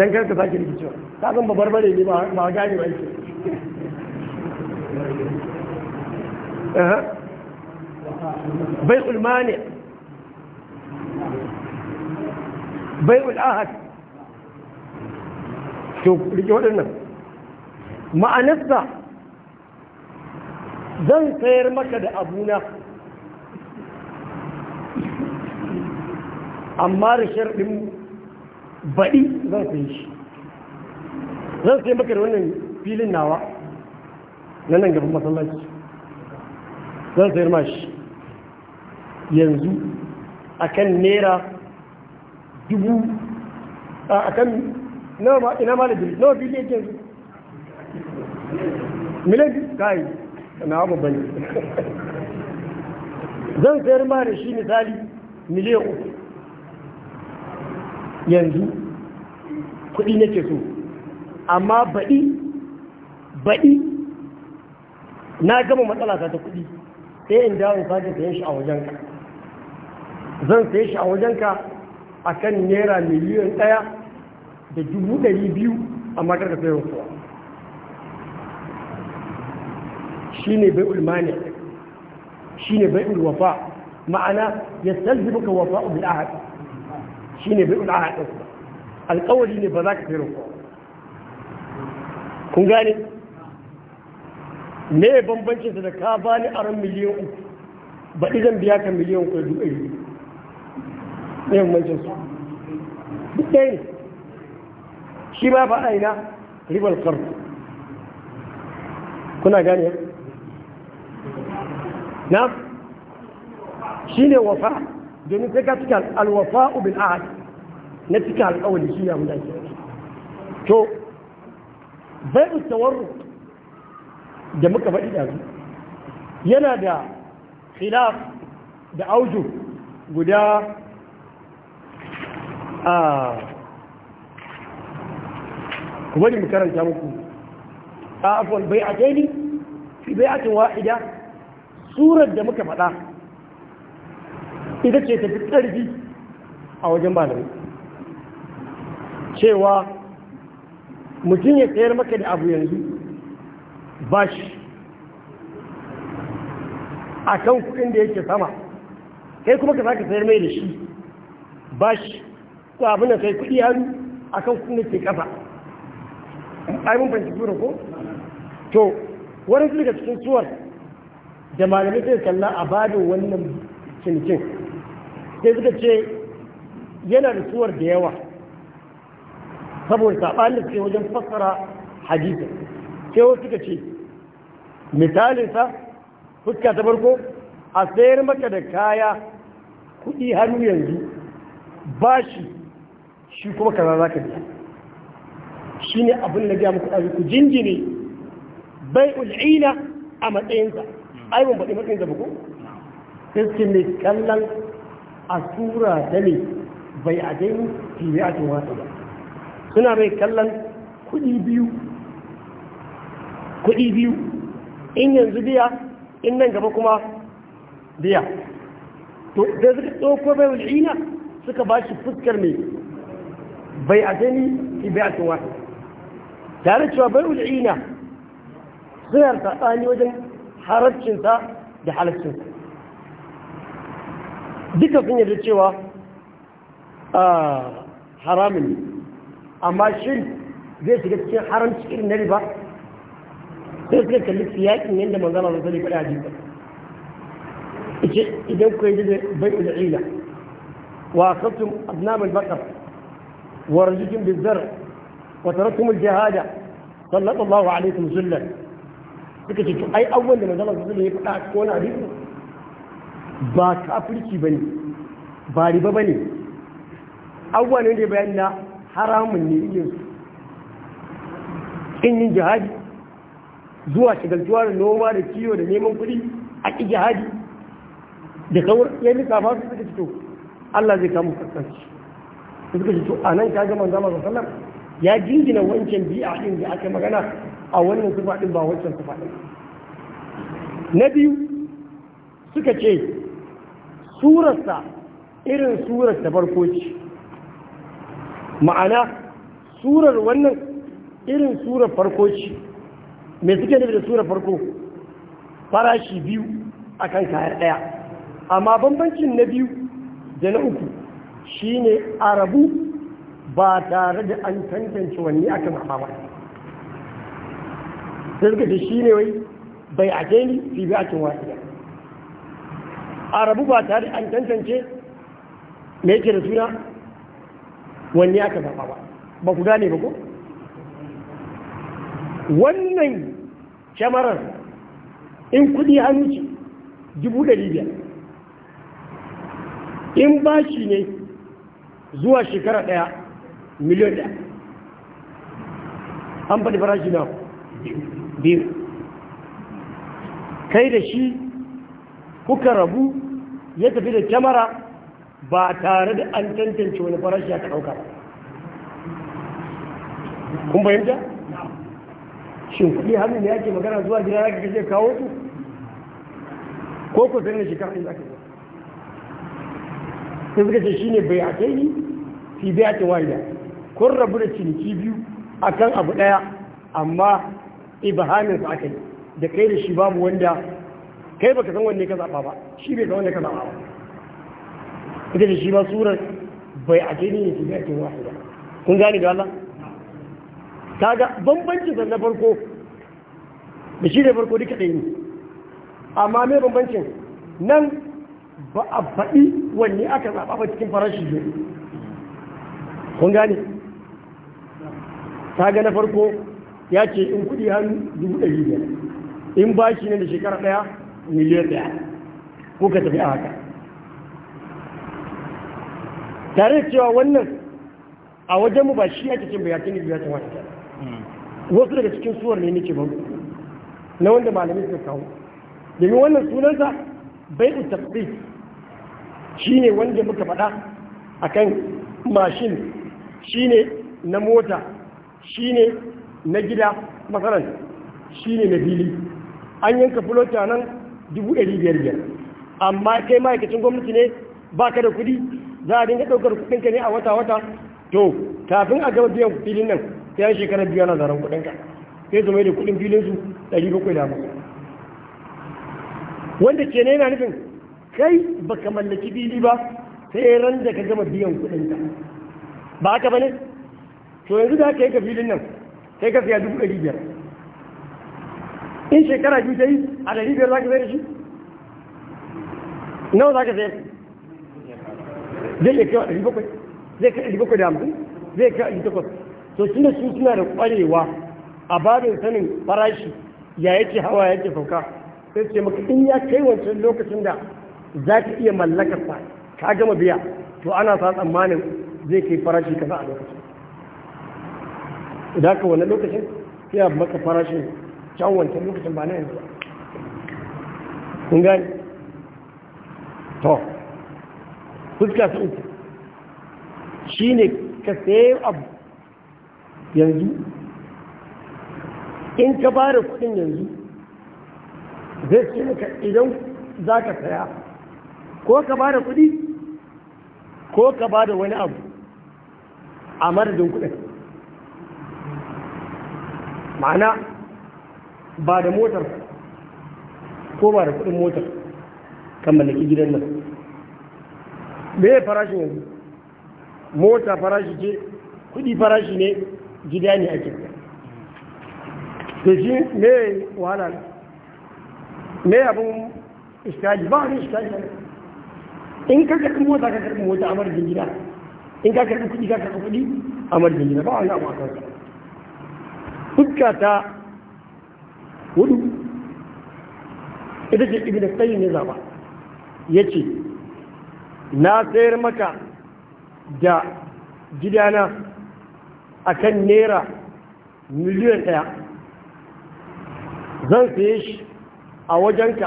don karka sake rikicewa ta zan babbar bare ne ba gane ba yake bai ulmani bai zan sayar maka da abuna amma da sharɗin baɗi zan sayi shi zan sayi maka da wannan filin nawa na nan gaban masallaci zan sayar mashi yanzu a kan naira dubu a akan ina ma da bili nawa bili ne yanzu milan kai na abu bane zan sayar ma da shi misali miliyan uku yanzu kudi nake so amma baɗi baɗi na gama matsala ta kuɗi sai in dawo sake sayen shi a wajenka zan sayen shi a wajenka a kan naira miliyan ɗaya da dubu ɗari biyu a makar da sayan kuwa shi ne bai ulmani shi ne bai ulwafa ma'ana ya salzi muka wafa ubin haɗu. shi ne bai ul'ahad ɗin alƙawari ne ba za ka sayan kuwa kun gane me bambancin da ka bani aron miliyan uku ba zan biya ka miliyan uku da dubu ɗari ne bambancin su duk ɗaya ne shi ba ba aina ribar karku kuna gane na shi ne wafa domin sai ka cika alwafa ubin ahad na cika alƙawari shi ya mu dace to bai tawarruk da muka faɗi ɗazu yana da khilaf da auju guda a wani makaranta muku a afon bai a daini fi bai atin wa'ida surar da muka faɗa ita ce tafi ƙarfi a wajen malamai cewa mutum ya sayar maka da abu yanzu bashi a kan kudin da yake sama kai kuma ka saka sayar mai da shi bashi ko abin da kai kudi hannu a kan kudin da ke kafa ai mun tura ko to wani su daga cikin suwar da malamai sai kalla a babin wannan cinikin sai suka ce yana da suwar da yawa saboda saɓanin sai wajen fassara hadisi sai wasu suka ce misalinsa fuska ta farko a sayar maka da kaya kuɗi hannu yanzu bashi shi kuma kaza za ka biya shi ne abin da gaya ku jinjini bai ul'ina a matsayinsa ai baɗi matsayinsa ba ko sai mai kallon a tura ta ne bai a dainu fiye a tun ba suna mai kallon kuɗi biyu kuɗi biyu in yanzu biya in nan gaba kuma biya to da suka tsoko bai wul'ina suka ba shi fuskar mai bai a gani ki bai a tunwa tare cewa bai wul'ina suna saɓani wajen harabcinta da halaccin duka sun yarda cewa haramun haramin amma shi zai shiga cikin haramci irin na riba sai suka kalli siyakin yadda manzala da sani faɗa hadisi ice idan ku yi da bai ul'ila wa akhadtum abnam al-baqar wa rajitum bizar wa taraktum al-jihada sallallahu alaikum zullan suka ce to ai abubuwan da manzala da sani ya faɗa a cikin wani hadisi ba kafirci bane ba riba bane abubuwan da ya bayan na haramun ne yin in yin jihadi zuwa shigaltuwa da noma da kiwo da neman kuɗi a ƙi jihadi da sauran ya nika ma su suka fito Allah zai kama Su suka fito a nan ta gama zama sallam ya jingina wancan bi'a din da aka magana a wannan sufa din ba wancan sufa din na biyu suka ce surarsa irin surar da farko ce ma'ana surar wannan irin surar farko ce mai suke ne da sura farko farashi biyu akan kayan ɗaya amma bambancin na biyu da na uku shine arabu ba tare da an tantance wanne aka zaɓa ba sai suka ce shine wai bai a ni fi bi akin wasiya arabu ba tare da an tantance mai ke da suna wanne aka zaɓa ba ba ku gane ba ko wannan kyamarar in kudi an ce dubu ɗari biyar in bashi ne zuwa shekara ɗaya miliyan ɗaya an faɗi farashi na biyu kai da shi kuka rabu ya tafi da kyamara ba tare da an tantance wani farashi ya ta ɗauka ba kun fahimta? shin kudi hannu ne ake magana zuwa gida za kake kashe kawo su ko ku sanar shekara in za ka zuwa sai suka ce shi ne bai a kai ni fi bai a cewa ya kun rabu da ciniki biyu a kan abu ɗaya amma ibahamin su aka yi da kai da shi babu wanda kai baka san wanne ka zaɓa ba shi bai san wanne ka zaɓa ba ita da shi ma surar bai a kai ni ne fi bai a cewa ya kun gane da Allah kaga bambancin sa na farko da shi ne farko duka ɗaya ne amma mai bambancin nan ba a faɗi wanne aka zaɓa ba cikin farashi ne kun gane kaga na farko ya ce in kuɗi hannu dubu ɗari biyar in bashi ne da shekara ɗaya miliyar ɗaya ko ka tafi a haka tare da cewa wannan a wajenmu ba shi ake cin bayatini biyar ta wani wasu daga cikin suwar ne nake ban na wanda malamin suka kawo domin wannan sunansa bai tafi Shi ne wanda muka faɗa kan mashin shi ne na mota shi ne na gida masaran ne na fili an yanka fulota nan dubu amma kai ma'aikacin gwamnati ne ba ka da kuɗi za a dinga ɗaukar kuɗinka ne a wata-wata to kafin a gaba biyan filin nan ta yi shekarar biya na zaren kuɗin ka sai su mai da kuɗin filin su ɗari bakwai da hamsin wanda ke ne yana nufin kai ka mallaki fili ba sai ran da ka gama biyan kuɗin ka ba haka bane to yanzu da yi ka filin nan sai ka siya dubu ɗari biyar in shekara biyu ta yi a ɗari biyar za ka sayar shi nawa za ka sayar zai iya kai ɗari bakwai zai kai ɗari bakwai da hamsin zai kai ɗari takwas to tunda su suna da kwarewa a babin sanin farashi ya yake hawa ya yake sauka sai ce maka in ya kai wancan lokacin da za ka iya mallakar sa ka gama biya to ana sa tsammanin zai kai farashi kaza a lokacin idan ka wani lokacin sai a maka farashin can wancan lokacin ba na yanzu ba kun gani to fuska su uku shi ne ka sayi abu yanzu in ka ba da kudin yanzu zai ce maka idan za ka saya ko ka ba da kudi ko ka ba da wani abu a madadin kudin ma'ana ba da motar ko ba da kudin motar kan mallaki gidan nan me farashin yanzu mota farashi ce kudi farashi ne gida ne ake da shi ne wahala ne abin iskaji ba wani iskaji in ka karfi mota ka karfi mota a marjin gida in ka karfi kudi ka karɓi kudi a marjin gida ba wani abu a kansa fuska ta hudu ita ce ibi da tsayi ne zaba ya ce na sayar maka da gidana a kan naira miliyan ɗaya zan saye shi a wajenka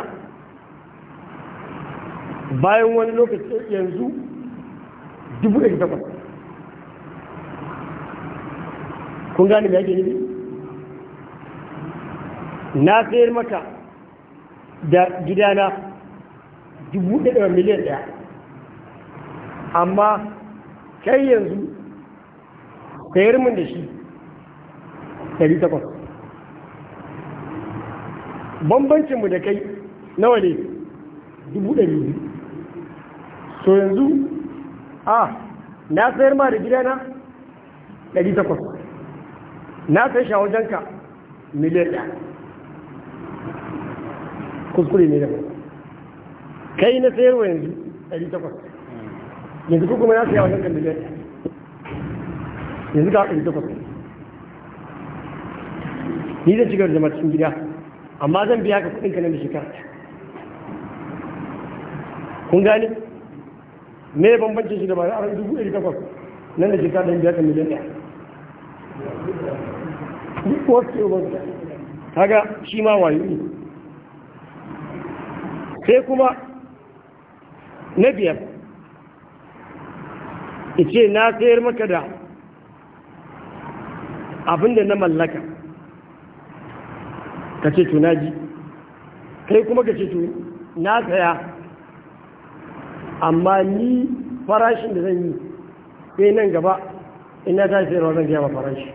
bayan wani lokaci yanzu dubu ɗari takwas kun gane da yake nufi na sayar maka da gidana dubu ɗaya miliyan ɗaya amma kai yanzu kayar min da shi 800 bambancinmu da kai nawa ne 200 so yanzu a na sayar ma da gidana 800 na sai shi a wajenka miliyan ɗaya kuskure ne da kai na sayarwa yanzu 800 yanzu kuma na sai a wajenka miliyan ɗaya yanzu ga ɗari takwas ni zan cigaba da zama cikin gida amma zan biya ka kuɗin ka nan da shekara kun gane me bambancin shi da ba a dubu ɗari takwas nan da shekara ɗan biya ka miliyan ɗaya kaga shi ma wayo ne sai kuma na biyar ice na sayar maka da abin da na mallaka ka ce to na ji kai kuma ka ce to na saya amma ni farashin da zan yi sai nan gaba ina ta shi zan gaya ma farashi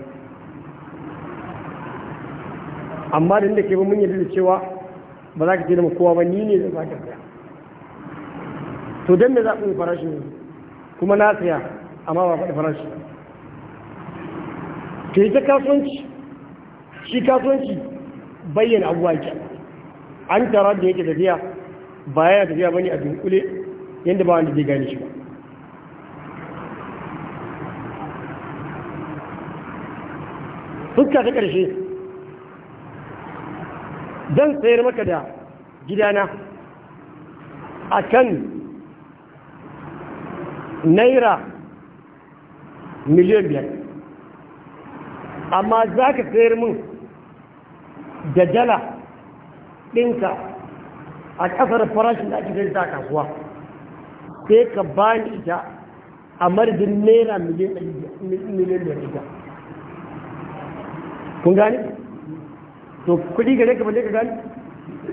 amma da inda ke ba mun yi da cewa ba za ka ce da kowa ba ni ne da za ka saya to don da za ku yi farashin kuma na saya amma ba faɗi farashin ka yi ta kasuwanci shi kasuwanci bayyana abuwa ke an tara da yake tafiya ba yana tafiya bane a dunkule yadda ba wanda zai gane shi ba fuska ta ƙarshe zan sayar maka da gidana a kan naira miliyan biyar amma za ka sayar mun da jala ɗinka a ƙasar farashin da ake zai ta kasuwa sai ka ba ni ita a marjin naira miliyan da ita kun gani? to kudi gare ka bane ka gani?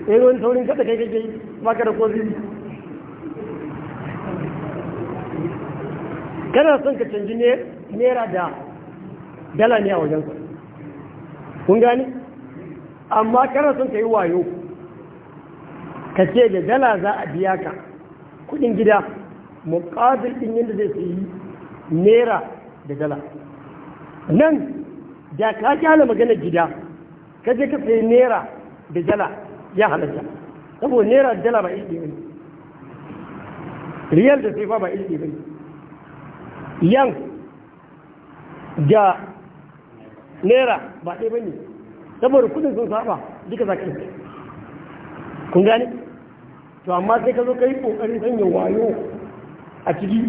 ɗaya eh, wani saurin kada kai kake yi maka da kozi kana son ka canji naira da dala ne a wajensa kun gane amma kana son ka yi wayo ka ce da dala za a biya ka kudin gida muƙabil ɗin yadda zai yi naira da dala nan da ka kyale magana gida ka je ka sai naira da dala ya halatta saboda naira da dala ba iya bane riyal da sai ba iya bane yan da naira ba ɗaya ba ne saboda kudin sun saba duka za ka kun gane to amma sai ka zo ka yi ƙoƙarin sanya wayo a ciki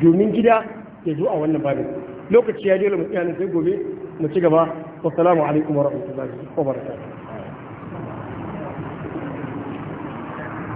domin gida ya zo a wannan babin lokaci ya dole mu tsaya sai gobe mu ci gaba wassalamu alaikum wa barakatuh